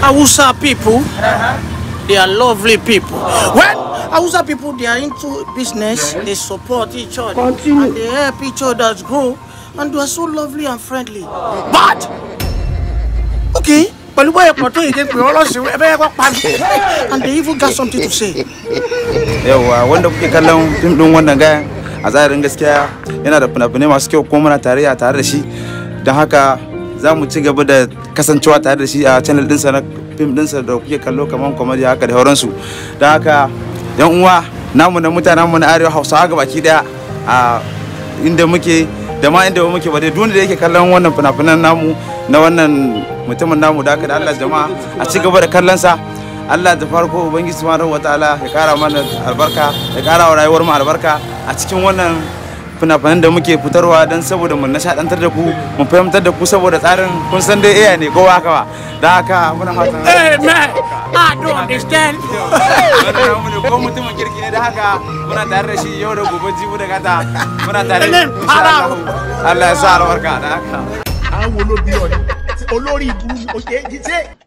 Hausa people, they are lovely people. When Hausa people, they are into business, they support each other, Continue. and they help each other grow, and they are so lovely and friendly. But, okay, pẹ̀lú bóyá ẹ̀pọ̀ tó yìí pé ọlọ́sìn ẹ̀bẹ́ ẹ̀kọ́ pa mí and they even got something to say. yawwa wanda wonder kallon fim ɗin wannan gayan a zahirin gaskiya yana da fina-finai masu kyau kuma muna tarayya tare da shi don haka za mu ci gaba da kasancewa tare da shi a channel dinsa na fim dinsa da kuke kallo kamar comedy haka da su. don haka yan uwa namu na mutanen mu na arewa hausawa ga baki daya a inda muke da ma inda muke ba dai duniya da yake kallon wannan fina-finan namu na wannan mutumin namu da aka da Allah jama'a a ci gaba da kallon sa Allah da farko Ubangiji subhanahu wataala ya kara mana albarka ya kara wa rayuwar mu albarka a cikin wannan fina-finan da muke fitarwa don saboda mu nishaɗantar da ku mu fahimtar da ku saboda tsarin kun san dai iya ne kowa haka ba da haka muna fatan eh man i don't understand ko mutumin kirki ne da haka muna tare da shi yau da gobe jibu da gata muna tare da Allah ya sa albarka da haka an wolo biyo olórí burú ṣe